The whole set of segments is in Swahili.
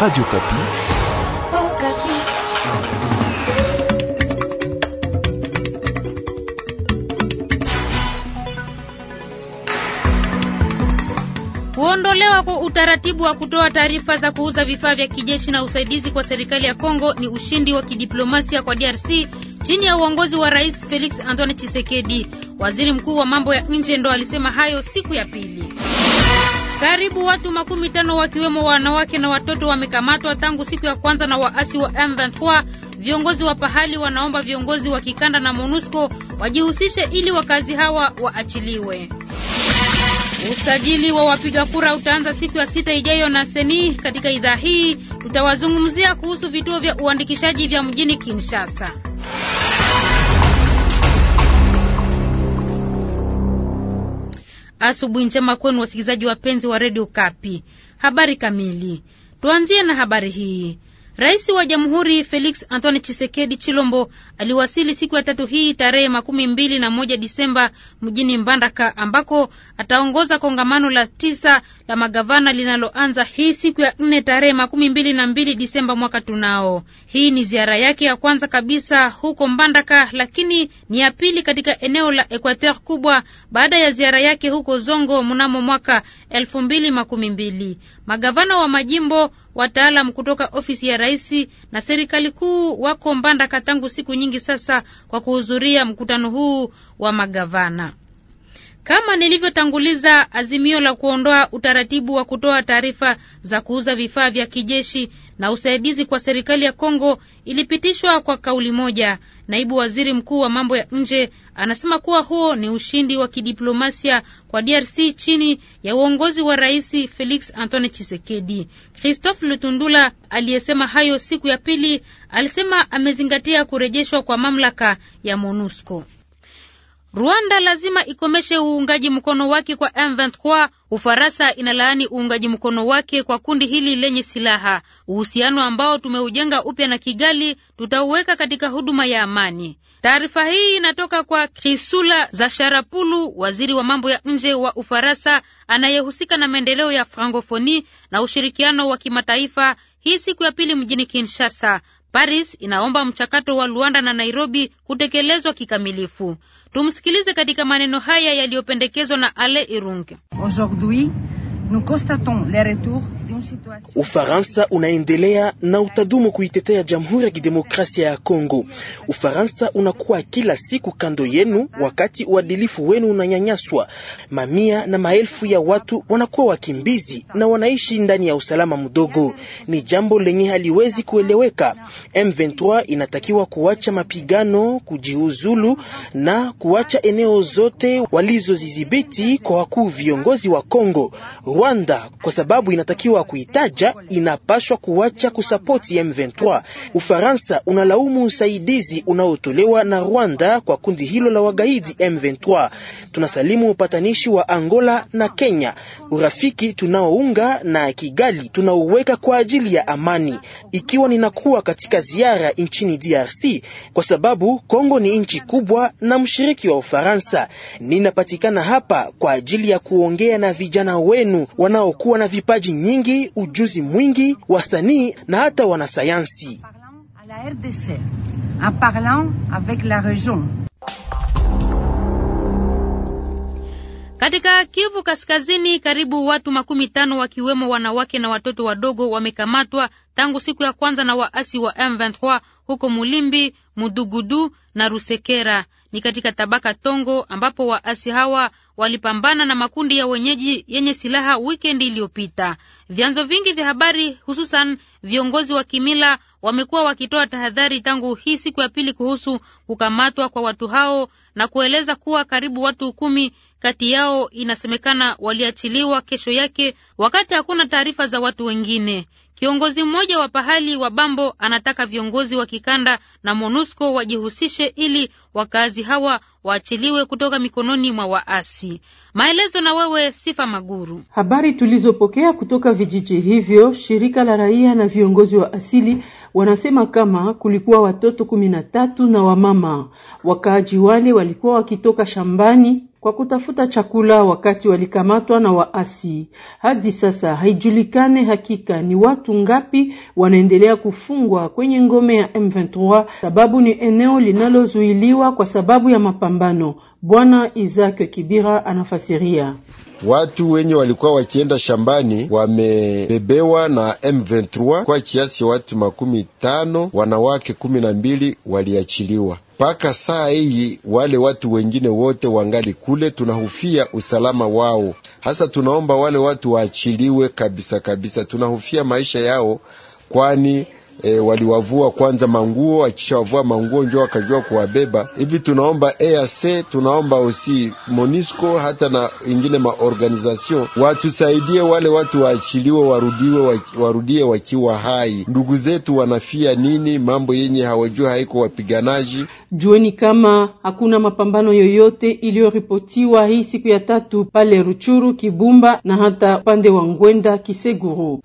Radio Kapi. Oh, Kapi. Kuondolewa kwa utaratibu wa kutoa taarifa za kuuza vifaa vya kijeshi na usaidizi kwa serikali ya Kongo ni ushindi wa kidiplomasia kwa DRC chini ya uongozi wa Rais Felix Antoine Tshisekedi. Waziri Mkuu wa mambo ya nje ndo alisema hayo siku ya pili. Karibu watu makumi tano wakiwemo wanawake na watoto wamekamatwa tangu siku ya kwanza na waasi wa M23. Viongozi wa pahali wanaomba viongozi wa kikanda na MONUSCO wajihusishe ili wakazi hawa waachiliwe. Usajili wa wapiga kura utaanza siku ya sita ijayo na seni. Katika idhaa hii tutawazungumzia kuhusu vituo vya uandikishaji vya mjini Kinshasa. Asubuhi njema kwenu wasikilizaji wapenzi wa redio Kapi. Habari kamili tuanzie na habari hii. Rais wa Jamhuri Felix Antoine Chisekedi Chilombo aliwasili siku ya tatu hii tarehe makumi mbili na moja Disemba mjini Mbandaka ambako ataongoza kongamano la tisa la magavana linaloanza hii siku ya nne tarehe makumi mbili na mbili Disemba mwaka tunao. Hii ni ziara yake ya kwanza kabisa huko Mbandaka, lakini ni ya pili katika eneo la Equateur kubwa baada ya ziara yake huko Zongo mnamo mwaka elfu mbili makumi mbili. Magavana wa majimbo, wataalam kutoka ofisi ya rais na serikali kuu wako Mbandaka tangu siku nyingi sasa kwa kuhudhuria mkutano huu wa magavana. Kama nilivyotanguliza, azimio la kuondoa utaratibu wa kutoa taarifa za kuuza vifaa vya kijeshi na usaidizi kwa serikali ya Kongo ilipitishwa kwa kauli moja. Naibu waziri mkuu wa mambo ya nje anasema kuwa huo ni ushindi wa kidiplomasia kwa DRC chini ya uongozi wa Rais Felix Antoine Tshisekedi. Christophe Lutundula aliyesema hayo siku ya pili alisema amezingatia kurejeshwa kwa mamlaka ya MONUSCO. Rwanda lazima ikomeshe uungaji mkono wake kwa M23. Ufaransa inalaani uungaji mkono wake kwa kundi hili lenye silaha. Uhusiano ambao tumeujenga upya na Kigali tutauweka katika huduma ya amani. Taarifa hii inatoka kwa Krisula za Sharapulu, waziri wa mambo ya nje wa Ufaransa anayehusika na maendeleo ya Frankofoni na ushirikiano wa kimataifa, hii siku ya pili mjini Kinshasa. Paris inaomba mchakato wa Luanda na Nairobi kutekelezwa kikamilifu. Tumsikilize katika maneno haya yaliyopendekezwa na Ale Irunge. Aujourd'hui, nous constatons les retours Ufaransa unaendelea na utadumu kuitetea Jamhuri ya Kidemokrasia ya Kongo. Ufaransa unakuwa kila siku kando yenu wakati uadilifu wenu unanyanyaswa. Mamia na maelfu ya watu wanakuwa wakimbizi na wanaishi ndani ya usalama mdogo. Ni jambo lenye haliwezi kueleweka. M23 inatakiwa kuacha mapigano, kujiuzulu na kuacha eneo zote walizozidhibiti kwa wakuu viongozi wa Kongo. Rwanda kwa sababu inatakiwa kuitaja inapashwa kuacha kusapoti M23. Ufaransa unalaumu usaidizi unaotolewa na Rwanda kwa kundi hilo la wagaidi M23. Tunasalimu upatanishi wa Angola na Kenya, urafiki tunaounga na Kigali tunauweka kwa ajili ya amani. Ikiwa ninakuwa katika ziara nchini DRC kwa sababu Kongo ni nchi kubwa na mshiriki wa Ufaransa, ninapatikana hapa kwa ajili ya kuongea na vijana wenu wanaokuwa na vipaji nyingi ujuzi mwingi, wasanii na hata wanasayansi. Katika Kivu Kaskazini, karibu watu makumi tano wakiwemo wanawake na watoto wadogo wamekamatwa tangu siku ya kwanza na waasi wa M23 huko Mulimbi, Mudugudu na Rusekera ni katika tabaka Tongo ambapo waasi hawa walipambana na makundi ya wenyeji yenye silaha wikendi iliyopita. Vyanzo vingi vya habari, hususan viongozi wa kimila, wamekuwa wakitoa tahadhari tangu hii siku ya pili kuhusu kukamatwa kwa watu hao na kueleza kuwa karibu watu kumi kati yao inasemekana waliachiliwa kesho yake, wakati hakuna taarifa za watu wengine. Kiongozi mmoja wa pahali wa Bambo anataka viongozi wa kikanda na MONUSCO wajihusishe ili wakazi hawa waachiliwe kutoka mikononi mwa waasi. Maelezo na wewe Sifa Maguru. Habari tulizopokea kutoka vijiji hivyo, shirika la raia na viongozi wa asili wanasema kama kulikuwa watoto kumi na tatu na wamama. Wakaaji wale walikuwa wakitoka shambani kwa kutafuta chakula wakati walikamatwa na waasi. Hadi sasa haijulikane hakika ni watu ngapi wanaendelea kufungwa kwenye ngome ya M23, sababu ni eneo linalozuiliwa kwa sababu ya mapambano. Bwana Isaac Kibira anafasiria. Watu wenye walikuwa wakienda shambani wamebebewa na M23 kwa kiasi ya watu makumi tano, wanawake kumi na mbili waliachiliwa. Mpaka saa hii wale watu wengine wote wangali kule, tunahufia usalama wao. Hasa tunaomba wale watu waachiliwe kabisa kabisa, tunahufia maisha yao, kwani e, waliwavua kwanza manguo, akishawavua manguo njo akajua kuwabeba hivi. Tunaomba EAC, tunaomba osi Monisco hata na ingine maorganization watusaidie, wale watu waachiliwe, warudiwe, warudie wakiwa hai. Ndugu zetu wanafia nini? Mambo yenye hawajua haiko wapiganaji. Jueni kama hakuna mapambano yoyote iliyoripotiwa hii siku ya tatu pale Ruchuru, Kibumba na hata upande wa Ngwenda Kiseguru.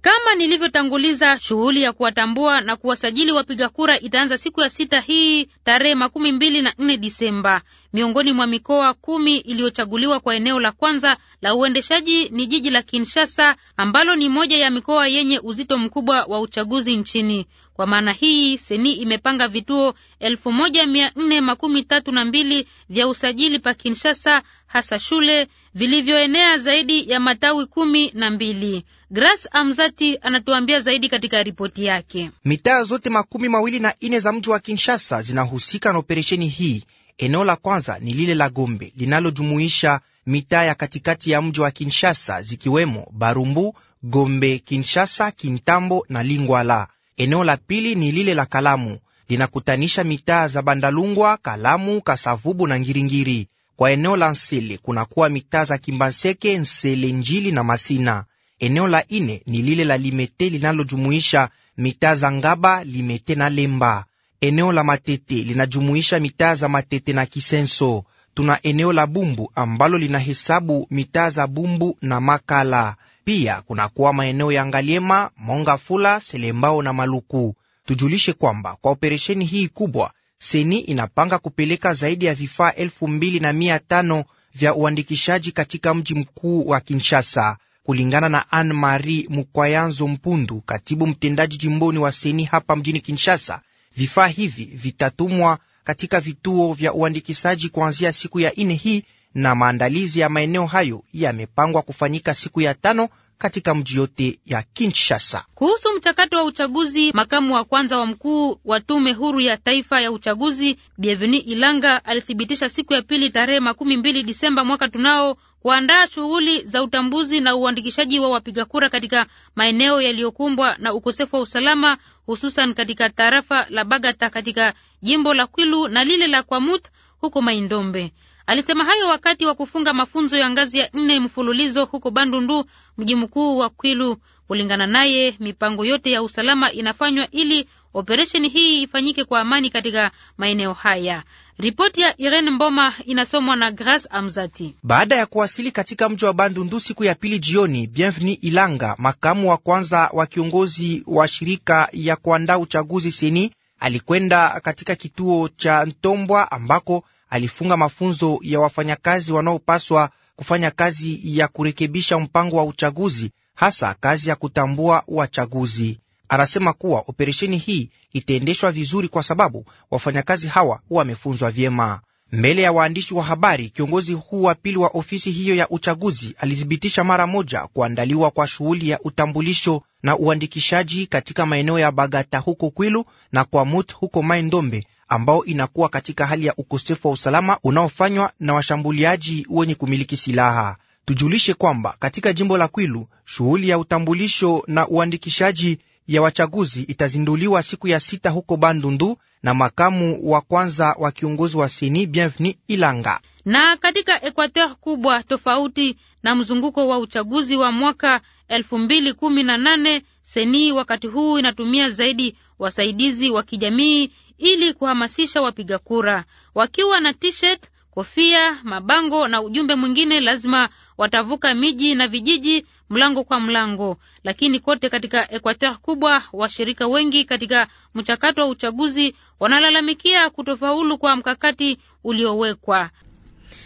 Kama nilivyotanguliza, shughuli ya kuwatambua na kuwasajili wapiga kura itaanza siku ya sita hii tarehe makumi mbili na nne Disemba. Miongoni mwa mikoa kumi iliyochaguliwa kwa eneo la kwanza la uendeshaji ni jiji la Kinshasa ambalo ni moja ya mikoa yenye uzito mkubwa wa uchaguzi nchini. Kwa maana hii, Seni imepanga vituo elfu moja mia nne makumi tatu na mbili vya usajili pa Kinshasa, hasa shule vilivyoenea zaidi ya matawi kumi na mbili. Gras Amzati anatuambia zaidi katika ripoti yake. Mitaa zote makumi mawili na nne za mji wa Kinshasa zinahusika na operesheni hii. Eneo la kwanza ni lile la Gombe linalojumuisha mitaa ya katikati ya mji wa Kinshasa zikiwemo Barumbu, Gombe, Kinshasa, Kintambo na Lingwala. Eneo la pili ni lile la Kalamu linakutanisha mitaa za Bandalungwa, Kalamu, Kasavubu na Ngiringiri. Kwa eneo la Nsele kunakuwa mitaa za Kimbaseke, Nsele, Njili na Masina. Eneo la ine ni lile la Limete linalojumuisha mitaa za Ngaba, Limete na Lemba. Eneo la Matete linajumuisha mitaa za Matete na Kisenso. Tuna eneo la Bumbu ambalo linahesabu mitaa za Bumbu na Makala. Pia kunakuwa maeneo ya Ngaliema, Mongafula, Selembao na Maluku. Tujulishe kwamba kwa operesheni hii kubwa Seni inapanga kupeleka zaidi ya vifaa elfu mbili na mia tano vya uandikishaji katika mji mkuu wa Kinshasa. Kulingana na Anne Marie Mukwayanzo Mpundu, katibu mtendaji jimboni wa Seni hapa mjini Kinshasa, Vifaa hivi vitatumwa katika vituo vya uandikishaji kuanzia siku ya ine hii na maandalizi ya maeneo hayo yamepangwa kufanyika siku ya tano katika mji yote ya Kinshasa. Kuhusu mchakato wa uchaguzi, makamu wa kwanza wa mkuu wa tume huru ya taifa ya uchaguzi Bienvenu Ilanga alithibitisha siku ya pili tarehe makumi mbili Disemba mwaka tunao kuandaa shughuli za utambuzi na uandikishaji wa wapiga kura katika maeneo yaliyokumbwa na ukosefu wa usalama hususan katika tarafa la Bagata katika jimbo la Kwilu na lile la Kwamut huko Maindombe. Alisema hayo wakati wa kufunga mafunzo ya ngazi ya nne mfululizo huko Bandundu, mji mkuu wa Kwilu. Kulingana naye, mipango yote ya usalama inafanywa ili operesheni hii ifanyike kwa amani katika maeneo haya. Ripoti ya Irene Mboma inasomwa na Grace Amzati. Baada ya kuwasili katika mji wa Bandundu siku ya pili jioni, Bienvenu Ilanga, makamu wa kwanza wa kiongozi wa shirika ya kuandaa uchaguzi seni, alikwenda katika kituo cha Ntombwa ambako alifunga mafunzo ya wafanyakazi wanaopaswa kufanya kazi ya kurekebisha mpango wa uchaguzi, hasa kazi ya kutambua wachaguzi. Anasema kuwa operesheni hii itaendeshwa vizuri kwa sababu wafanyakazi hawa wamefunzwa vyema. Mbele ya waandishi wa habari, kiongozi huu wa pili wa ofisi hiyo ya uchaguzi alithibitisha mara moja kuandaliwa kwa shughuli ya utambulisho na uandikishaji katika maeneo ya Bagata huko Kwilu na kwa Mut huko Mai Ndombe, ambao inakuwa katika hali ya ukosefu wa usalama unaofanywa na washambuliaji wenye kumiliki silaha. Tujulishe kwamba katika jimbo la Kwilu shughuli ya utambulisho na uandikishaji ya wachaguzi itazinduliwa siku ya sita huko Bandundu na makamu wa kwanza wa kiongozi wa seni Bienvenu Ilanga. Na katika Ekwateur kubwa tofauti na mzunguko wa uchaguzi wa mwaka elfu mbili kumi na nane, seni wakati huu inatumia zaidi wasaidizi wa kijamii ili kuhamasisha wapiga kura wakiwa na t-shirt kofia, mabango na ujumbe mwingine lazima watavuka miji na vijiji mlango kwa mlango. Lakini kote katika Ekwateur kubwa, washirika wengi katika mchakato wa uchaguzi wanalalamikia kutofaulu kwa mkakati uliowekwa.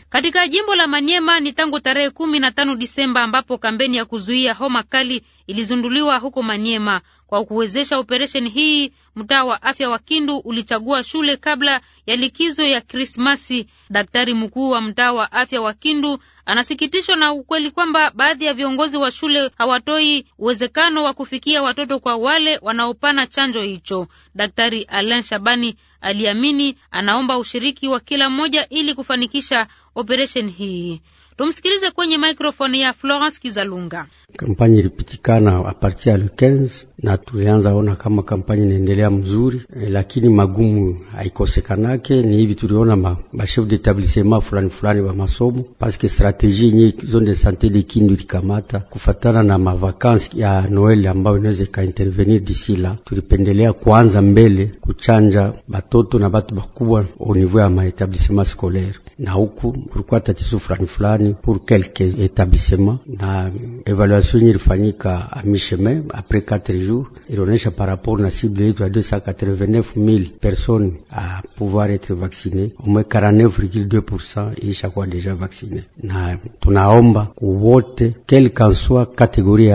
Katika jimbo la manyema ni tangu tarehe kumi na tano Disemba ambapo kampeni ya kuzuia homa kali ilizunduliwa huko manyema Kwa kuwezesha operesheni hii, mtaa wa afya wa Kindu ulichagua shule kabla ya likizo ya Krismasi. Daktari mkuu wa mtaa wa afya wa Kindu anasikitishwa na ukweli kwamba baadhi ya viongozi wa shule hawatoi uwezekano wa kufikia watoto kwa wale wanaopana chanjo hicho. Daktari Alan Shabani aliamini anaomba ushiriki wa kila mmoja ili kufanikisha Operesheni hii Tumsikilize kwenye mikrofoni ya Florence Kizalunga. Kampanya ilipitikana apartir ya le 15 na tulianza ona kama kampanye inaendelea mzuri eh, lakini magumu haikosekanake. Ni hivi tuliona ma, ma chef d'établissement fulani fulani wa masomo paske strategie yenye zone de santé de Kindu ilikamata kufatana na mavakansi ya Noel ambayo inaweza ikaintervenir disi la, tulipendelea kuanza mbele kuchanja batoto na batu bakubwa au niveau ya maetablissement scolaire, na huku kulikuwa tatizo fulani fulani pour quelques établissements. l'évaluation évaluation à mi-chemin après quatre jours, ilionyesha par rapport la cible de 289 000 personnes à pouvoir être vaccinées, au moins 49,2% déjà deja vaccinée, na tunaomba wote, quelle qu'en soit catégorie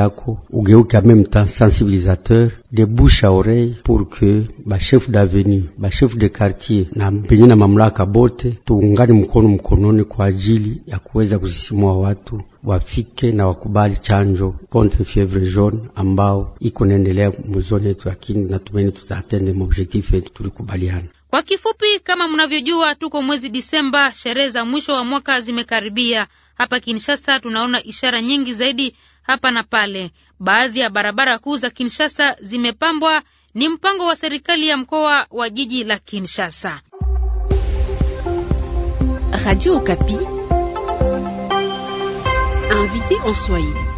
ou ugeuke en même temps sensibilisateur de bouche à oreille pour que bashefu d'avenue chef de quartier na penye na mamlaka bote tuungane mkono mkononi kwa ajili ya kuweza kusisimua watu wafike na wakubali chanjo contre fievre jaune ambao iko naendelea muzoni yetu, lakini natumaini tutaatende maobjektifu yetu tulikubaliana. Kwa kifupi, kama mnavyojua, tuko mwezi Disemba, sherehe za mwisho wa mwaka zimekaribia. Hapa Kinshasa tunaona ishara nyingi zaidi hapa na pale Baadhi ya barabara kuu za Kinshasa zimepambwa, ni mpango wa serikali ya mkoa wa jiji la Kinshasa. Radio Okapi, invité en Swahili.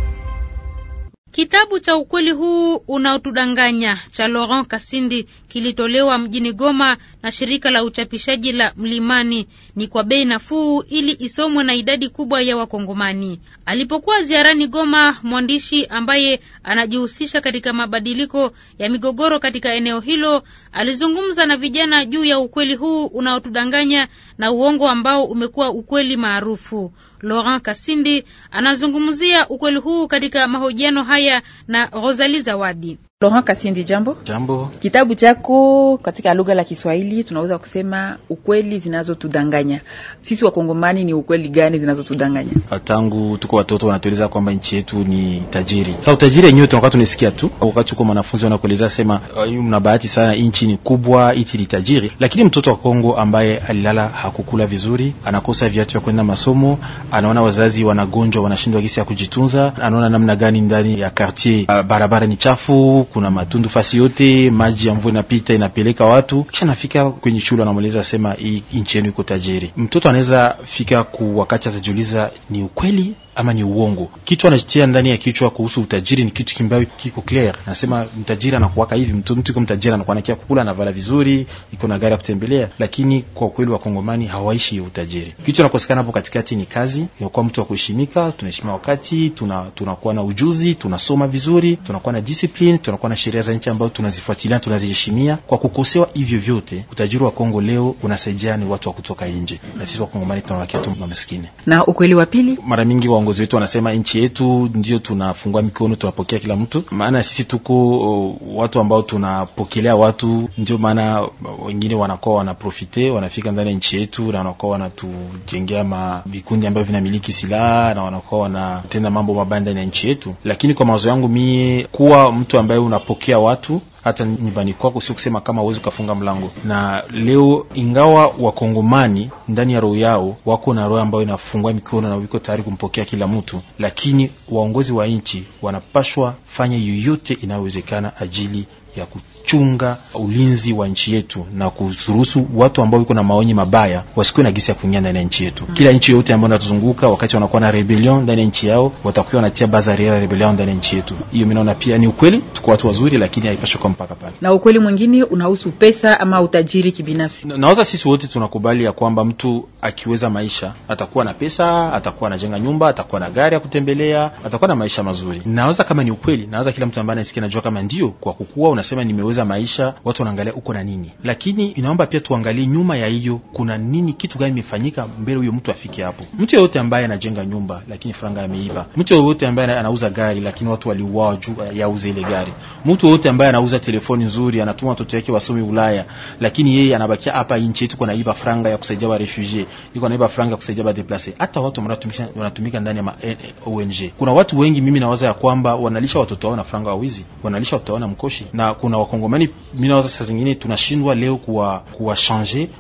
Kitabu cha ukweli huu unaotudanganya cha Laurent Kasindi kilitolewa mjini Goma na shirika la uchapishaji la Mlimani. Ni kwa bei nafuu ili isomwe na idadi kubwa ya Wakongomani. Alipokuwa ziarani Goma, mwandishi ambaye anajihusisha katika mabadiliko ya migogoro katika eneo hilo alizungumza na vijana juu ya ukweli huu unaotudanganya na uongo ambao umekuwa ukweli maarufu. Laurent Kasindi anazungumzia ukweli huu katika mahojiano haya na Rosalie Zawadi. Laurent Kasindi, jambo. Jambo. Kitabu chako katika lugha la Kiswahili tunaweza kusema ukweli zinazotudanganya sisi Wakongomani, ni ukweli gani zinazotudanganya? Ah, tangu tuko watoto wanatueleza kwamba nchi yetu ni tajiri. Sasa utajiri yenyewe tunakuwa tunasikia tu, wakati uko mwanafunzi wanakueleza sema ah, mna bahati sana, nchi ni kubwa, nchi ni tajiri, lakini mtoto wa Kongo ambaye alilala hakukula vizuri, anakosa viatu vya kwenda masomo, anaona wazazi wanagonjwa, wanashindwa gisi ya kujitunza, anaona namna gani ndani ya quartier ah, barabara ni chafu kuna matundu fasi yote, maji ya mvua inapita inapeleka watu, kisha nafika kwenye shule anamweleza sema hii nchi yenu iko tajiri. Mtoto anaweza fika ku wakati atajiuliza ni ukweli ama ni uongo. Kitu anachitia ndani ya kichwa kuhusu utajiri ni kitu kimbayo kiko clear. Nasema mtajiri anakuwaka hivi, mtu mtu iko mtajiri anakuwa nakia kukula, anavala vizuri, iko na gari ya kutembelea, lakini kwa kweli wakongomani hawaishi hiyo utajiri. Kitu anakosekana hapo katikati ni kazi, kwa mtu wa kuheshimika, tunaheshimia wakati, tunakuwa tuna na ujuzi, tunasoma vizuri, tunakuwa na discipline, tuna kunakuwa na sheria za nchi ambazo tunazifuatilia tunaziheshimia. Kwa kukosewa hivyo vyote, utajiri wa Kongo leo unasaidia ni watu wa kutoka nje, na sisi wakongomani tunawakia tu mamaskini. Na ukweli wa pili, mara mingi waongozi wetu wanasema nchi yetu ndio tunafungua mikono, tunapokea kila mtu, maana sisi tuko uh, watu ambao tunapokelea watu, ndio maana wengine wanakuwa wanaprofite, wanafika ndani ya nchi yetu na wanakuwa wanatujengea ma vikundi ambavyo vinamiliki silaha na wanakuwa wanatenda mambo mabaya ndani ya nchi yetu, lakini kwa mawazo yangu mie kuwa mtu ambaye unapokea watu hata nyumbani kwako, sio kusema kama uwezi ukafunga mlango. Na leo ingawa wakongomani ndani ya roho yao wako na roho ambayo inafungua mikono na wiko tayari kumpokea kila mtu, lakini waongozi wa nchi wanapashwa fanya yoyote inayowezekana ajili ya kuchunga ulinzi wa nchi yetu na kuruhusu watu ambao iko na maoni mabaya wasikuwe na gisi ya kuingia ndani ya nchi yetu. Mm. Kila nchi yote ambayo inatuzunguka wakati wanakuwa na rebellion ndani ya nchi yao watakuwa wanatia bazari ya rebellion ndani ya nchi yetu. Hiyo mimi naona pia ni ukweli, tuko watu wazuri, lakini haipaswi kwa mpaka pale. Na ukweli mwingine unahusu pesa ama utajiri kibinafsi. Na, naweza sisi wote tunakubali ya kwamba mtu akiweza maisha atakuwa na pesa, atakuwa anajenga nyumba, atakuwa na gari ya kutembelea, atakuwa na maisha mazuri. Naweza kama ni ukweli, naweza kila mtu ambaye anasikia najua kama ndio kwa kukua unasema nimeweza maisha, watu wanaangalia uko na nini, lakini inaomba pia tuangalie nyuma ya hiyo kuna nini, kitu gani imefanyika mbele huyo mtu afike hapo. Mtu yoyote ambaye anajenga nyumba lakini franga ameiba, mtu yoyote ambaye anauza gari lakini watu waliuawa juu eh, ya yauze ile gari, mtu yoyote ambaye anauza telefoni nzuri, anatuma watoto wake wasome Ulaya, lakini yeye anabakia hapa nchi yetu, naiba franga ya kusaidia wa refugee, yuko naiba franga ya kusaidia wa deplace. Hata watu wanatumisha wanatumika ndani ya eh, eh, ONG, kuna watu wengi mimi nawaza ya kwamba wanalisha watoto wao na franga wawizi, wanalisha watoto wao na mkoshi na kuna, kuna wakongomani minawaza saa zingine tunashindwa leo kuwa, kuwa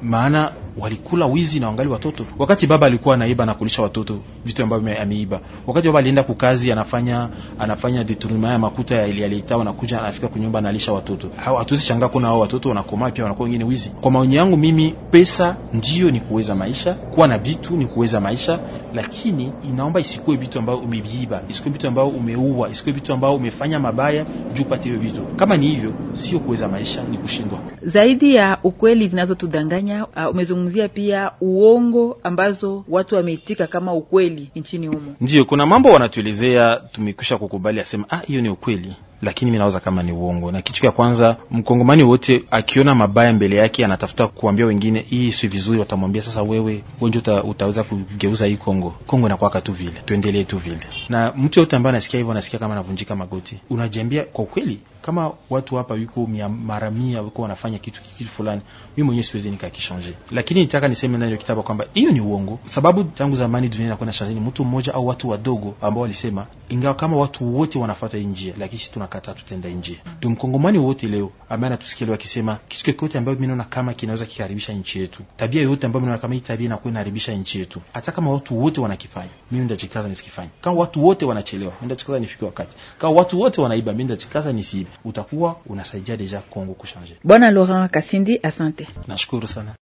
maana walikula wizi na wangali watoto. Wakati baba alikuwa anaiba na kulisha watoto vitu ambavyo ameiba, wakati baba alienda kukazi, anafanya anafanya detrima ya makuta ya ile aliyeta, wanakuja anafika kunyumba analisha watoto. Hao hatuwezi changa kuna hao watoto wanakoma pia wanakuwa wengine wizi. Kwa maoni yangu mimi, pesa ndio ni kuweza maisha, kuwa na vitu ni kuweza maisha, lakini inaomba isikuwe vitu ambavyo umeviiba, isikuwe vitu ambavyo umeua, isikuwe vitu ambavyo umefanya mabaya juu pati hivyo vitu. Kama ni hivyo sio kuweza maisha, ni kushindwa zaidi ya ukweli zinazotudanganya. Uh, umezungumzia pia uongo ambazo watu wameitika kama ukweli nchini humo. ndio kuna mambo wanatuelezea tumekwisha kukubali, asema ah, hiyo ni ukweli lakini mi nawaza kama ni uongo. Na kitu cha kwanza, mkongomani wote akiona mabaya mbele yake anatafuta kuambia wengine hii si vizuri, watamwambia sasa, wewe wenje uta, utaweza kugeuza hii Kongo. Kongo inakuwaka tu vile, tuendelee tu vile. Na mtu yote ambaye anasikia hivyo anasikia kama anavunjika magoti. Unajiambia kwa kweli, kama watu hapa wiko mara mia wiko wanafanya kitu kitu fulani, mimi mwenyewe siwezi nikakishanje, lakini nitaka niseme ndani ya kitabu kwamba hiyo ni uongo, sababu tangu zamani dunia inakuwa na shangeni, mtu mmoja au watu wadogo ambao walisema, ingawa kama watu wote wanafuata hii njia, lakini sisi tuna akata tutenda nje. mkongomani wote leo ambaye anatusikia leo akisema kitu kikote ambayo mimi naona kama kinaweza kikaribisha nchi yetu, tabia yote ambayo mimi naona kama hii tabia inakuwa inaharibisha nchi yetu, hata kama watu wote wanakifanya, mimi ndajikaza nisikifanye. Kama watu wote wanachelewa, mimi ndajikaza nifike wakati. Kama watu wote wanaiba, mimi ndajikaza nisiibe. Utakuwa unasaidia deja Kongo kushanje. Bwana Laurent Kasindi, asante. Nashukuru sana.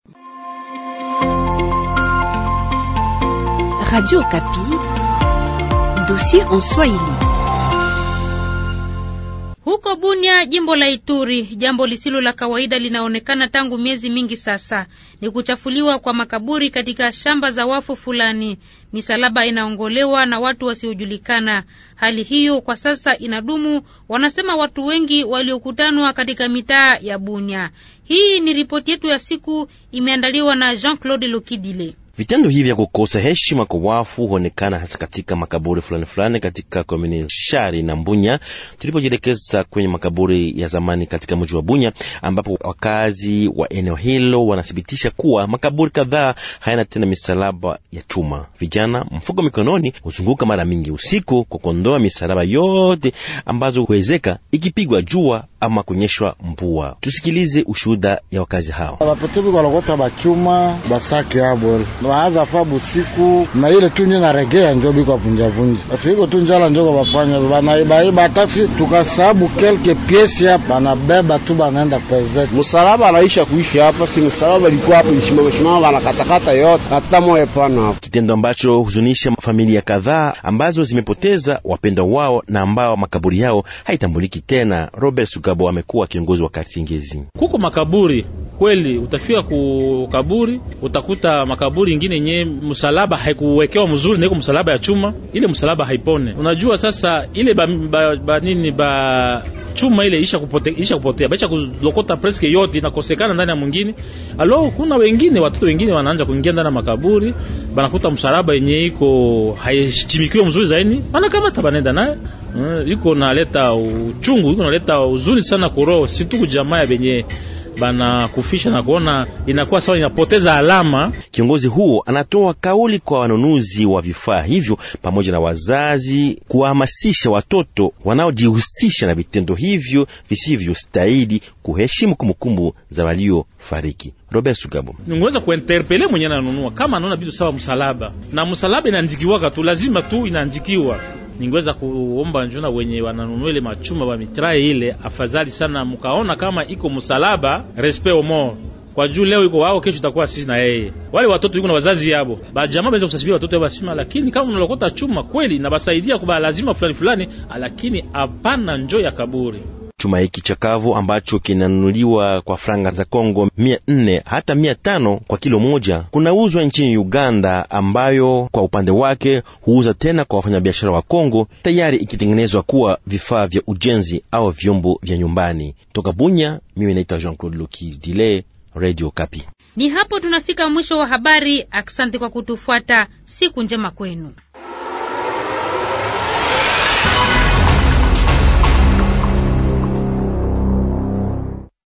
Radio Kapi, dossier en Swahili. Huko Bunia, jimbo la Ituri, jambo lisilo la kawaida linaonekana tangu miezi mingi sasa. Ni kuchafuliwa kwa makaburi katika shamba za wafu fulani. Misalaba inaongolewa na watu wasiojulikana. Hali hiyo kwa sasa inadumu, wanasema watu wengi waliokutanwa katika mitaa ya Bunia. Hii ni ripoti yetu ya siku imeandaliwa na Jean-Claude Lokidile. Vitendo hivi vya kukosa heshima kwa wafu huonekana hasa katika makaburi fulani fulani katika komini Shari na Mbunya. Tulipojielekeza kwenye makaburi ya zamani katika mji wa Bunya, ambapo wakazi wa eneo hilo wanathibitisha kuwa makaburi kadhaa hayana tena misalaba ya chuma. Vijana mfuko mikononi huzunguka mara mingi usiku kwa kuondoa misalaba yote ambazo huwezeka ikipigwa jua ama kunyeshwa mvua. Tusikilize ushuhuda ya wakazi hao. Wapotevi walogota bachuma basake abo waadha fa busiku na ile tu nje naregea njo biko vunja vunja basi iko tu njala njo bafanya iba atasi tukasabu kelke piesi hapa beba tu banaenda pezete. Msalaba anaisha kuishi hapa, si msalaba liko hapo alikuwa hapa ishimamishimama katakata yote hata moyo pana, kitendo ambacho huzunisha familia kadhaa ambazo zimepoteza wapendwa wao na ambao makaburi yao haitambuliki tena. Robert Suga Mugabo amekuwa kiongozi wa Katingezi. Kuko makaburi kweli, utafika ku kaburi utakuta makaburi ingine nye msalaba haikuwekewa mzuri, naiko msalaba ya chuma, ile msalaba haipone. Unajua sasa ile ba, ba, ba nini ba chuma ile isha kupotea, isha kupotea baisha kulokota presque yote inakosekana ndani ya mwingine. Alo, kuna wengine watoto wengine wanaanza kuingia ndani ya makaburi, banakuta msaraba yenye iko haishimikiwe mzuri zaini wanakamata banenda naye eh, iko naleta uchungu, iko naleta uzuni sana kwa roho, si tu jamaa benye banakufisha na kuona inakuwa sawa, inapoteza alama. Kiongozi huo anatoa kauli kwa wanunuzi wa vifaa hivyo pamoja na wazazi kuwahamasisha watoto wanaojihusisha na vitendo hivyo visivyostahili kuheshimu kumbukumbu za waliofariki. Robert Sugabo ningeweza kuinterpele mwenye ananunua kama anaona vitu sawa, msalaba na msalaba inaandikiwaka tu, lazima tu inaandikiwa ningeweza kuomba njuna wenye wananunua ile machuma wa mitrai ile, afadhali sana mkaona kama iko msalaba respect omo kwa juu leo iko wao, kesho itakuwa sisi na yeye. Wale watoto iko na wazazi yabo, bajamaa baweza kusasibia watoto yabo basima, lakini kama unalokota chuma kweli na basaidia kuba lazima fulani fulani, lakini hapana njo ya kaburi chuma hiki chakavu ambacho kinanunuliwa kwa franga za Kongo mia nne hata mia tano kwa kilo moja kunauzwa nchini Uganda, ambayo kwa upande wake huuza tena kwa wafanyabiashara wa Kongo, tayari ikitengenezwa kuwa vifaa vya ujenzi au vyombo vya nyumbani. Toka Bunya, mimi naitwa Jean-Claude Lokidile, Radio Kapi. Ni hapo tunafika mwisho wa habari. Asante kwa kutufuata, siku njema kwenu.